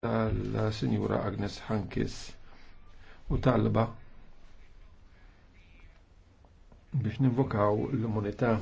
tal-Sinjura Agnes Hankis u talba biex nivokaw l-immunità